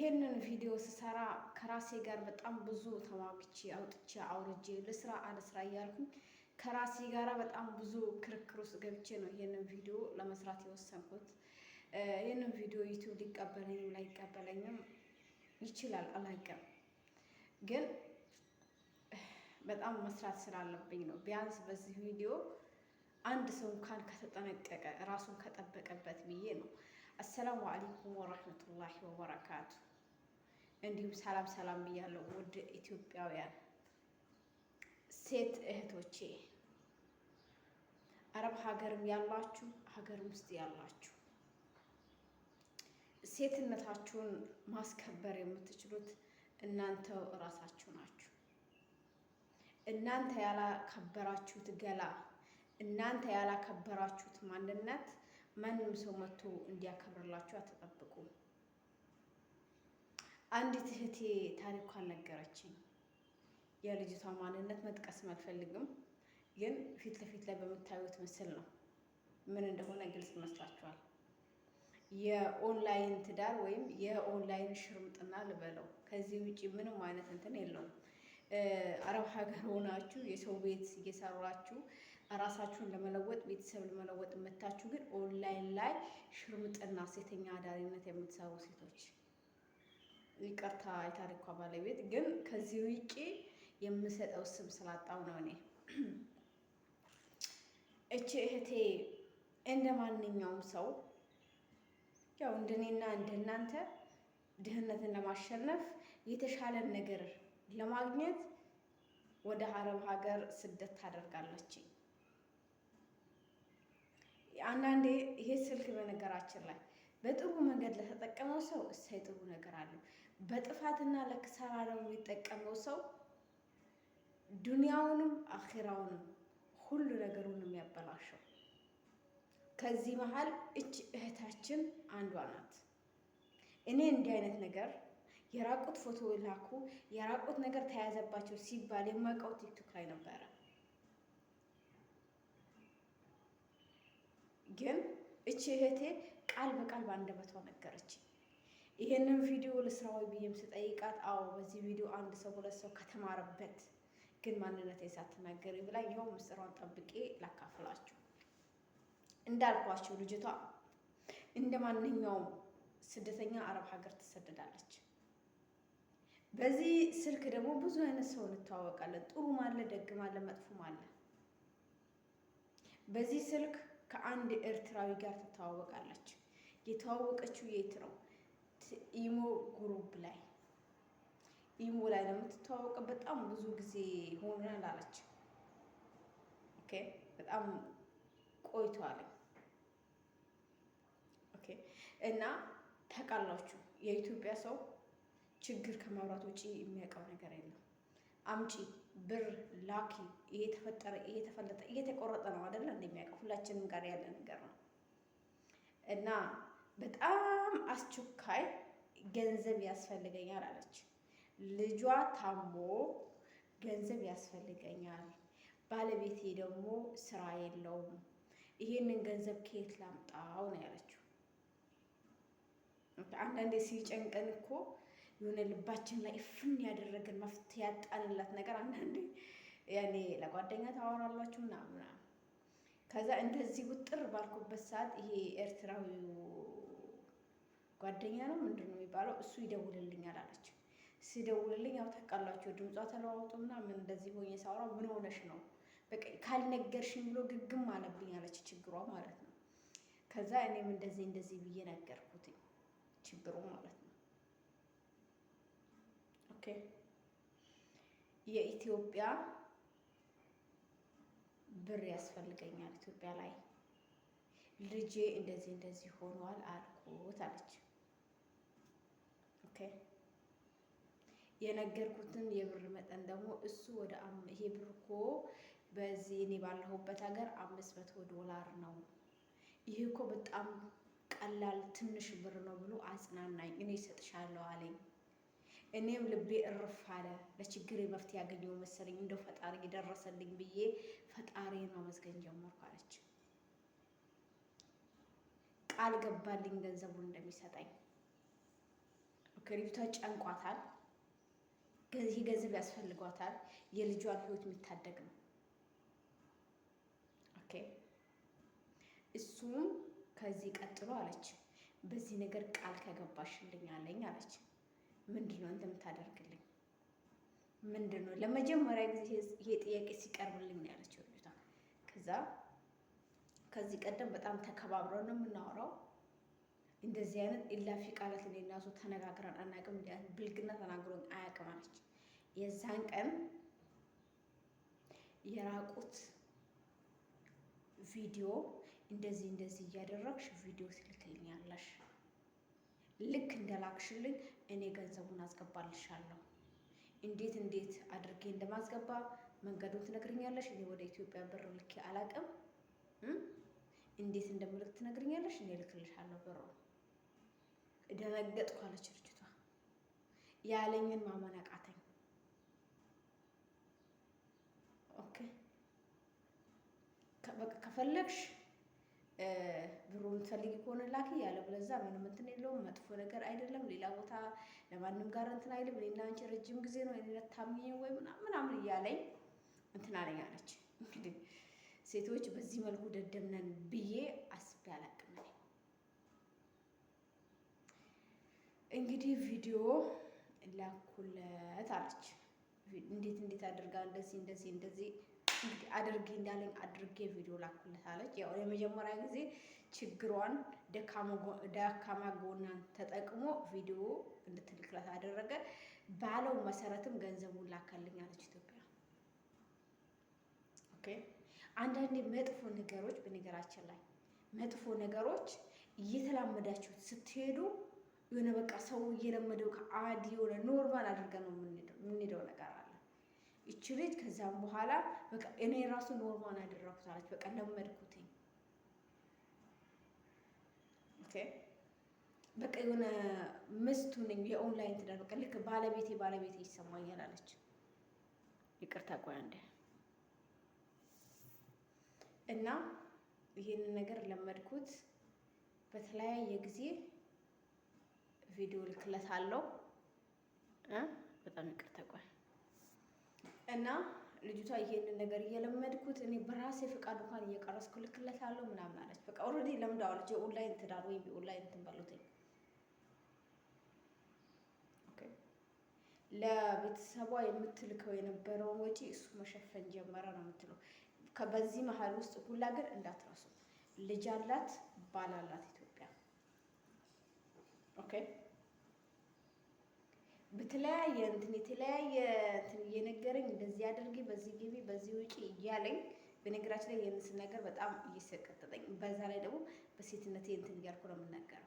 ይሄንን ቪዲዮ ስሰራ ከራሴ ጋር በጣም ብዙ ተማክቼ አውጥቼ አውርጄ ልስራ አልስራ እያልኩኝ ከራሴ ጋር በጣም ብዙ ክርክር ውስጥ ገብቼ ነው ይሄንን ቪዲዮ ለመስራት የወሰንኩት። ይህንን ቪዲዮ ዩቱብ ሊቀበለኝም ላይቀበለኝም ይችላል፣ አላውቅም። ግን በጣም መስራት ስላለብኝ ነው። ቢያንስ በዚህ ቪዲዮ አንድ ሰው እንኳን ከተጠነቀቀ ራሱን ከጠበቀበት ብዬ ነው። አሰላሙ አለይኩም ወረህመቱላሂ ወበረካቱ። እንዲሁም ሰላም ሰላም ብያለሁ ውድ ኢትዮጵያውያን ሴት እህቶቼ አረብ ሀገርም ያላችሁ ሀገርም ውስጥ ያላችሁ ሴትነታችሁን ማስከበር የምትችሉት እናንተው እራሳችሁ ናችሁ። እናንተ ያላከበራችሁት ገላ፣ እናንተ ያላከበራችሁት ማንነት ማንም ሰው መጥቶ እንዲያከብርላችሁ አትጠብቁም። አንዲት እህቴ ታሪኳን ነገረችኝ። የልጅቷ ማንነት መጥቀስ አልፈልግም፣ ግን ፊት ለፊት ላይ በምታዩት ምስል ነው። ምን እንደሆነ ግልጽ ይመስላችኋል? የኦንላይን ትዳር ወይም የኦንላይን ሽርምጥና ልበለው። ከዚህ ውጭ ምንም አይነት እንትን የለውም። አረብ ሀገር ሆናችሁ የሰው ቤት እየሰራችሁ ራሳችሁን ለመለወጥ ቤተሰብ ለመለወጥ መታችሁ፣ ግን ኦንላይን ላይ ሽርምጥና ሴተኛ አዳሪነት የምትሰሩ ሴቶች ይቅርታ የታሪኳ ባለቤት ግን ከዚህ ውጪ የምሰጠው ስም ስላጣው ነው። እኔ እቺ እህቴ እንደ ማንኛውም ሰው ያው እንደኔና እንደናንተ ድህነትን ለማሸነፍ የተሻለን ነገር ለማግኘት ወደ አረብ ሀገር ስደት ታደርጋለች። አንዳንዴ ይሄ ስልክ በነገራችን ላይ በጥሩ መንገድ ለተጠቀመው ሰው እሳይ ጥሩ ነገር አለው። በጥፋትና ለክሳራ ነው የሚጠቀመው ሰው ዱንያውንም አኼራውንም ሁሉ ነገሩን የሚያበላሸው። ከዚህ መሀል እች እህታችን አንዷ ናት። እኔ እንዲህ አይነት ነገር የራቁት ፎቶ ላኩ፣ የራቁት ነገር ተያዘባቸው ሲባል የማውቀው ቲክቶክ ላይ ነበረ። ግን እች እህቴ ቃል በቃል በአንደበቷ ነገረች። ይሄንን ቪዲዮ ልስራዊ ብዬም ስጠይቃት አዎ በዚህ ቪዲዮ አንድ ሰው ሁለት ሰው ከተማረበት ግን ማንነት ሳትናገሪ ብላ ይኸው ምስጢሯን ጠብቄ ላካፍላችሁ። እንዳልኳችሁ ልጅቷ እንደ ማንኛውም ስደተኛ አረብ ሀገር ትሰደዳለች። በዚህ ስልክ ደግሞ ብዙ አይነት ሰው እንተዋወቃለን። ጥሩም አለ፣ ደግም አለ፣ መጥፎም አለ። በዚህ ስልክ ከአንድ ኤርትራዊ ጋር ትተዋወቃለች። የተዋወቀችው የት ነው? ኢሞ ግሩፕ ላይ ኢሞ ላይ ነው የምትተዋወቀው። በጣም ብዙ ጊዜ ሆኖናል አለች። ኦኬ በጣም ቆይቷል። ኦኬ እና ታውቃላችሁ የኢትዮጵያ ሰው ችግር ከማውራት ውጪ የሚያውቀው ነገር የለም። አምጪ ብር ላኪ፣ እየተፈጠረ እየተፈለጠ እየተቆረጠ ነው አይደለ? እንደሚያውቀው ሁላችንም ጋር ያለ ነገር ነው እና በጣም አስቸኳይ ገንዘብ ያስፈልገኛል አለች። ልጇ ታሞ ገንዘብ ያስፈልገኛል፣ ባለቤቴ ደግሞ ስራ የለውም። ይህንን ገንዘብ ከየት ላምጣው ነው ያለችው። አንዳንዴ ሲጨንቀን እኮ የሆነ ልባችን ላይ እፍን ያደረግን መፍትሄ ያጣንላት ነገር አንዳንዴ ያኔ ለጓደኛ ታወራላችሁ ምናምን። ከዛ እንደዚህ ውጥር ባልኩበት ሰዓት ይሄ ኤርትራዊው ጓደኛ ነው ምንድን ነው የሚባለው፣ እሱ ይደውልልኛል አለች። ሲደውልልኝ ያው ታውቃላችሁ፣ ድምጿ ተለዋውጦ ምናምን እንደዚህ ሆኜ ሳውራ ምን ሆነሽ ነው በቃ ካልነገርሽኝ ብሎ ግግም አለብኝ አለች፣ ችግሯ ማለት ነው። ከዛ እኔም እንደዚህ እንደዚህ ብዬ ነገርኩት፣ ችግሩ ማለት ነው። ኦኬ የኢትዮጵያ ብር ያስፈልገኛል ኢትዮጵያ ላይ ልጄ እንደዚህ እንደዚህ ሆኗል አልኩት አለች። የነገርኩትን የብር መጠን ደግሞ እሱ ወደ ይሄ ብር እኮ በዚህ እኔ ባለሁበት ሀገር አምስት መቶ ዶላር ነው፣ ይህ እኮ በጣም ቀላል ትንሽ ብር ነው ብሎ አጽናናኝ። እኔ ይሰጥሻለሁ አለኝ። እኔም ልቤ እርፍ አለ። ለችግር መፍትሄ ያገኘው መሰለኝ። እንደው ፈጣሪ የደረሰልኝ ብዬ ፈጣሪ ማመስገን ጀመርኩ አለች። ቃል ገባልኝ ገንዘቡን እንደሚሰጠኝ። ከሪቱ ጨንቋታል? ይህ ገንዘብ ያስፈልጓታል። የልጇን ህይወት የሚታደግ ነው። ኦኬ እሱም ከዚህ ቀጥሎ አለች፣ በዚህ ነገር ቃል ከገባሽልኝ አለኝ አለች። ምንድን ነው እንደምታደርግልኝ ምንድን ነው? ለመጀመሪያ ጊዜ ይሄ ጥያቄ ሲቀርብልኝ ያለችው ልጅቷ። ከዛ ከዚህ ቀደም በጣም ተከባብረው ነው የምናወራው እንደዚህ አይነት ኢላፊ ቃላት እኔ እና እሱ ተነጋግረን አናውቅም፣ እንዲ ብልግና ተናግሮኝ አያውቅም አለች። የዛን ቀን የራቁት ቪዲዮ እንደዚህ እንደዚህ እያደረግሽ ቪዲዮ ትልክልኛለሽ፣ ልክ እንደላክሽልኝ እኔ ገንዘቡን አስገባልሻለሁ። እንዴት እንዴት አድርጌ እንደማስገባ መንገዱን ትነግርኛለሽ። እኔ ወደ ኢትዮጵያ ብር ልኬ አላውቅም። እንዴት እንደምልክ ትነግርኛለሽ፣ እኔ ልክልሻለሁ ብሩ ደነገጥኩ አለች ልጅቷ። ያለኝን ማመን አቃተኝ። ኦኬ ከፈለግሽ ብሩን ትፈልጊ ከሆነ ላኪ ያለ ብለዛ ምንም እንትን የለውም። መጥፎ ነገር አይደለም። ሌላ ቦታ ለማንም ጋር እንትን አይልም። እኔና አንቺ ረጅም ጊዜ ነው የነታምኝ ወይ ምናምን እያለኝ እንትን አለኝ አለች። እንግዲህ ሴቶች በዚህ መልኩ ደደምነን ብዬ አስቤ አላቅም። እንግዲህ ቪዲዮ ላኩለት አለች። እንዴት እንዴት አድርጋ እንደዚህ እንደዚህ እንደዚህ አድርጌ እንዳለኝ አድርጌ ቪዲዮ ላኩለት አለች። ያው የመጀመሪያ ጊዜ ችግሯን ደካማ ጎናን ተጠቅሞ ቪዲዮ እንድትልክለት አደረገ። ባለው መሰረትም ገንዘቡን ላከልኝ አለች ኢትዮጵያ። ኦኬ አንዳንዴ መጥፎ ነገሮች በነገራችን ላይ መጥፎ ነገሮች እየተላመዳችሁ ስትሄዱ የሆነ በቃ ሰው እየለመደው ከአዲ የሆነ ኖርማል አድርገን ነው የምንሄደው ነገር አለ። ይቺ ልጅ ከዛም በኋላ በቃ እኔ ራሱ ኖርማል ያደረኩት አለች። በቃ ለመድኩትኝ። ኦኬ በቃ የሆነ ምስቱ ነኝ የኦንላይን ትዳር በቃ ልክ ባለቤቴ ባለቤቴ ይሰማኛል አለች። ይቅርታ ቆይ አንዴ እና ይህንን ነገር ለመድኩት በተለያየ ጊዜ ቪዲዮ ልክለታለሁ። በጣም ይቅርታ ቆይ እና ልጅቷ ይሄንን ነገር እየለመድኩት እኔ በራሴ ፍቃድ እንኳን እየቀረስኩ ልክለታለሁ ምናምን አለች። በቃ ኦልሬዲ ለምዳዋለች። የኦንላይን ትዳር ወይም የኦንላይን እንትን በሉትኝ ለቤተሰቧ የምትልከው የነበረውን ወጪ እሱ መሸፈን ጀመረ ነው የምትለው። በዚህ መሀል ውስጥ ሁላ ግን እንዳትረሱ ልጅ አላት፣ ባል አላት ኢትዮጵያ ኦኬ በተለያየ እንትን የተለያየ እንትን እየነገረኝ እንደዚህ አድርጊ፣ በዚህ ግቢ፣ በዚህ ውጪ እያለኝ በነገራችን ላይ የምስል ነገር በጣም እየሰቀጠጠኝ በዛ ላይ ደግሞ በሴትነቴ እንትን እያልኩ ነው የምናገረው።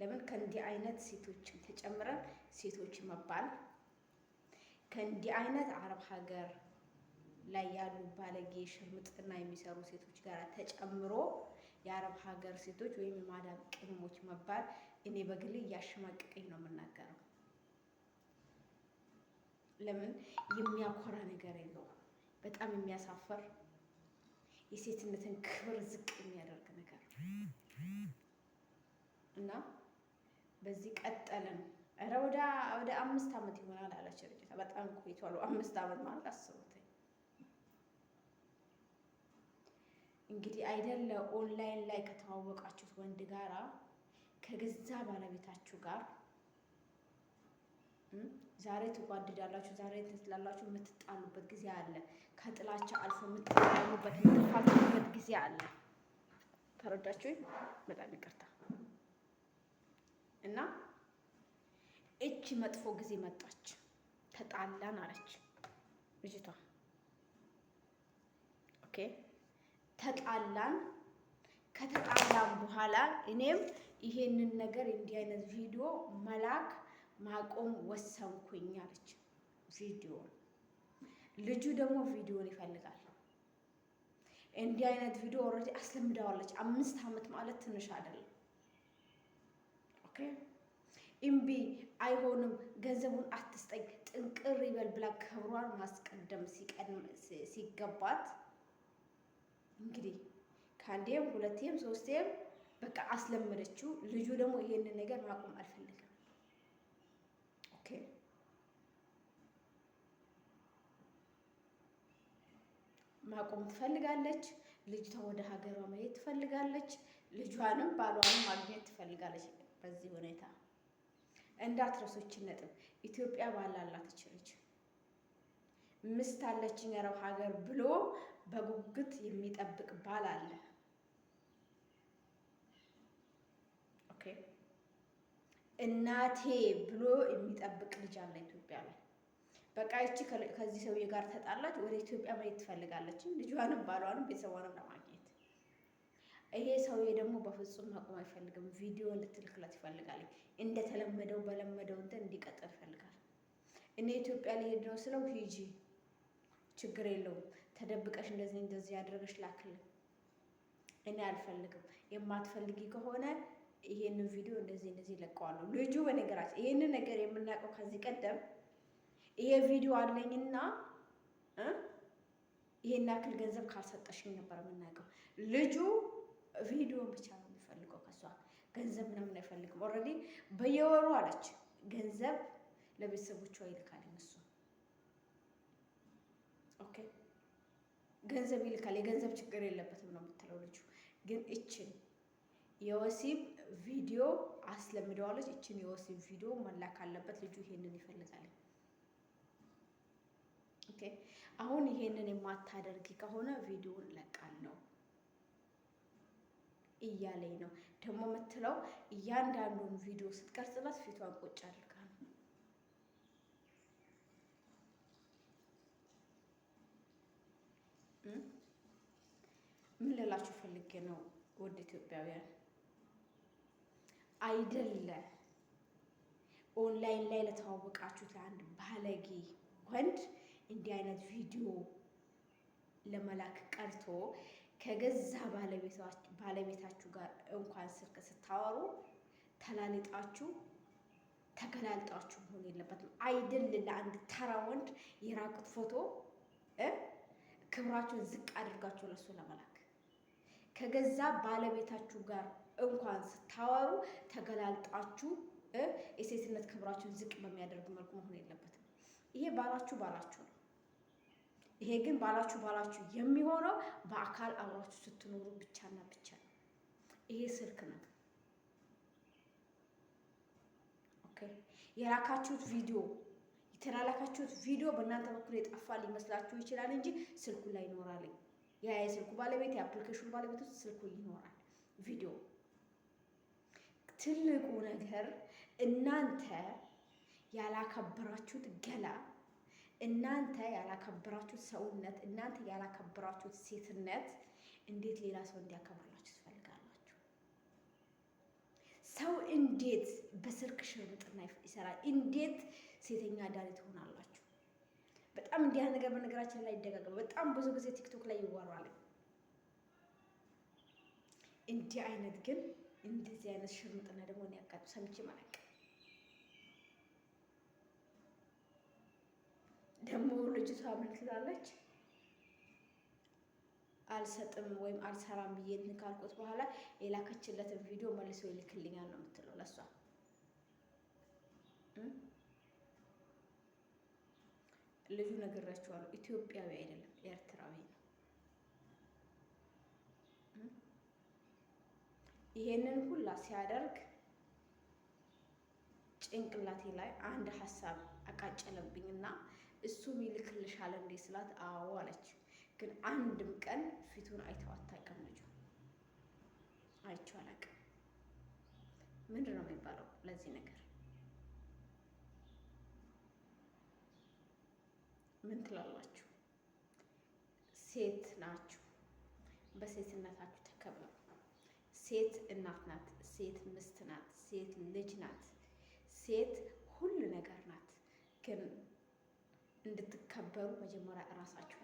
ለምን ከእንዲህ አይነት ሴቶች ተጨምረን ሴቶች መባል ከእንዲህ አይነት አረብ ሀገር ላይ ያሉ ባለጌ ሽርምጥና የሚሰሩ ሴቶች ጋር ተጨምሮ የአረብ ሀገር ሴቶች ወይም የማዳም ቅድሞች መባል እኔ በግሌ እያሸማቀቀኝ ነው የምናገረው። ለምን የሚያኮራ ነገር የለውም። በጣም የሚያሳፈር የሴትነትን ክብር ዝቅ የሚያደርግ ነገር እና በዚህ ቀጠልን። ኧረ ወደ አምስት ዓመት ይሆናል አላቸው ርጭታ። በጣም ቆይቷል። አምስት ዓመት ማለት አስቡት እንግዲህ አይደለ ኦንላይን ላይ ከተዋወቃችሁት ወንድ ጋራ ከገዛ ባለቤታችሁ ጋር ዛሬ ትጓድዳላችሁ፣ ዛሬ ትጥላላችሁ፣ የምትጣሉበት ጊዜ አለ። ከጥላቻ አልፎ የምትጣሉበት የምትፋቱበት ጊዜ አለ። ተረዳችሁኝ? በጣም ይቅርታ እና እች መጥፎ ጊዜ መጣች። ተጣላን አለች ልጅቷ። ኦኬ ተጣላን። ከተጣላን በኋላ እኔም ይሄንን ነገር እንዲህ አይነት ቪዲዮ መላክ ማቆም ወሰንኩኝ አለች። ቪዲዮን ልጁ ደግሞ ቪዲዮን ይፈልጋል። እንዲህ አይነት ቪዲዮ ኦልሬዲ አስለምደዋለች። አምስት ዓመት ማለት ትንሽ አይደለም። ኦኬ እምቢ አይሆንም፣ ገንዘቡን አትስጠኝ፣ ጥንቅር ይበል ብላ ክብሯን ማስቀደም ሲገባት እንግዲህ ከአንዴም ሁለቴም ሶስቴም በቃ አስለመደችው። ልጁ ደግሞ ይሄንን ነገር ማቆም አልፈልግም ያክል ማቆም ትፈልጋለች። ልጅቷ ወደ ሀገሯ መሄድ ትፈልጋለች። ልጇንም ባሏንም ማግኘት ትፈልጋለች። በዚህ ሁኔታ እንዳትረሶችን ነጥብ ኢትዮጵያ ባላላት አላት ምስት አለችኝ ያለው ሀገር ብሎ በጉጉት የሚጠብቅ ባል አለ። እናቴ ብሎ የሚጠብቅ ልጅ አለ ኢትዮጵያ ላይ። በቃ ይቺ ከዚህ ሰውዬ ጋር ተጣላች፣ ወደ ኢትዮጵያ መሄድ ትፈልጋለች፣ ልጇንም ባሏንም ቤተሰቧንም ለማግኘት። ይሄ ሰውዬ ደግሞ በፍጹም መቆም አይፈልግም። ቪዲዮ እንድትልክለት ይፈልጋል። እንደተለመደው በለመደው እንትን እንዲቀጥል ይፈልጋል። እኔ ኢትዮጵያ ሊሄድ ነው ስለው ሂጂ፣ ችግር የለውም ተደብቀሽ እንደዚህ እንደዚህ ያደረገች ላክልኝ፣ እኔ አልፈልግም። የማትፈልጊ ከሆነ ይሄንን ቪዲዮ እንደዚህ እንደዚህ ለቀዋለሁ። ልጁ በነገራችን ይሄንን ነገር የምናውቀው ከዚህ ቀደም ይሄ ቪዲዮ አለኝና ይሄን ያክል ገንዘብ ካልሰጠሽኝ ነበር የምናውቀው። ልጁ ቪዲዮን ብቻ ነው የሚፈልገው፣ ከሷ ገንዘብ ምናምን አይፈልግም። ኦልሬዲ በየወሩ አለች ገንዘብ ለቤተሰቦቿ ይልካል። እነሱ ኦኬ ገንዘብ ይልካል። የገንዘብ ችግር የለበትም ነው የምትለው ልጁ ግን እችን የወሲብ ቪዲዮ አስለምደዋለች። ይችን የወሲብ ቪዲዮ መላክ አለበት ልጁ ይሄንን ይፈልጋል። ኦኬ አሁን ይሄንን የማታደርጊ ከሆነ ቪዲዮን እለቃለሁ እያለኝ ነው። ደግሞ የምትለው እያንዳንዱን ቪዲዮ ስትቀርጽላት ፊቷን ቁጭ አድርጋ ነው። ምን ልላችሁ ፈልጌ ነው ውድ ኢትዮጵያውያን አይደለ ኦንላይን ላይ ለተዋወቃችሁት ለአንድ ባለጌ ወንድ እንዲህ አይነት ቪዲዮ ለመላክ ቀርቶ ከገዛ ባለቤታችሁ ጋር እንኳን ስልክ ስታወሩ ተላልጣችሁ ተገላልጣችሁ መሆን የለበትም። አይድል ለአንድ ተራ ወንድ የራቁት ፎቶ ክብራችሁን ዝቅ አድርጋችሁ ለሱ ለመላክ ከገዛ ባለቤታችሁ ጋር እንኳን ስታወሩ ተገላልጣችሁ የሴትነት ክብራችሁን ዝቅ በሚያደርግ መልኩ መሆን የለበትም። ይሄ ባላችሁ ባላችሁ ነው። ይሄ ግን ባላችሁ ባላችሁ የሚሆነው በአካል አብራችሁ ስትኖሩ ብቻና ብቻ ነው። ይሄ ስልክ ነው። ኦኬ የላካችሁት ቪዲዮ የተላላካችሁት ቪዲዮ በእናንተ በኩል የጠፋ ሊመስላችሁ ይችላል እንጂ ስልኩ ላይ ይኖራል። ያ የስልኩ ባለቤት የአፕሊኬሽኑ ባለቤቶች ስልኩ ይኖራል ቪዲዮ ትልቁ ነገር እናንተ ያላከበራችሁት ገላ፣ እናንተ ያላከበራችሁት ሰውነት፣ እናንተ ያላከበራችሁት ሴትነት እንዴት ሌላ ሰው እንዲያከብርላችሁ ትፈልጋላችሁ? ሰው እንዴት በስልክ ሽርምጥና ይሰራል? እንዴት ሴተኛ አዳሪ ትሆናላችሁ? በጣም እንዲህ ነገር በነገራችን ላይ ይደጋገማል። በጣም ብዙ ጊዜ ቲክቶክ ላይ ይወራል። እንዲህ አይነት ግን እንደዚህ አይነት ሽርምጥና ደግሞ እኔ ሰምቼ ማለቅ ደግሞ ልጅቷ ምን ትላለች? አልሰጥም ወይም አልሰራም ብዬ እንትን ካልኩት በኋላ የላከችለትን ቪዲዮ መልሶ ይልክልኛል ነው የምትለው ለሷ ልጁ ነግራችኋለሁ። ኢትዮጵያዊ አይደለም ኤርትራዊ ነው። ይሄንን ሁላ ሲያደርግ ጭንቅላቴ ላይ አንድ ሀሳብ አቃጨለብኝ እና እሱ ይልክልሻል እንዴ ስላት አዎ አለች። ግን አንድም ቀን ፊቱን አይተው አታውቅም። ልጁ አይቼው አላውቅም። ምንድን ነው የሚባለው ለዚህ ነገር? ምን ትላላችሁ? ሴት ናችሁ፣ በሴትነታችሁ ተከበሩ። ሴት እናት ናት፣ ሴት ምስት ናት፣ ሴት ልጅ ናት፣ ሴት ሁሉ ነገር ናት። ግን እንድትከበሩ መጀመሪያ እራሳችሁ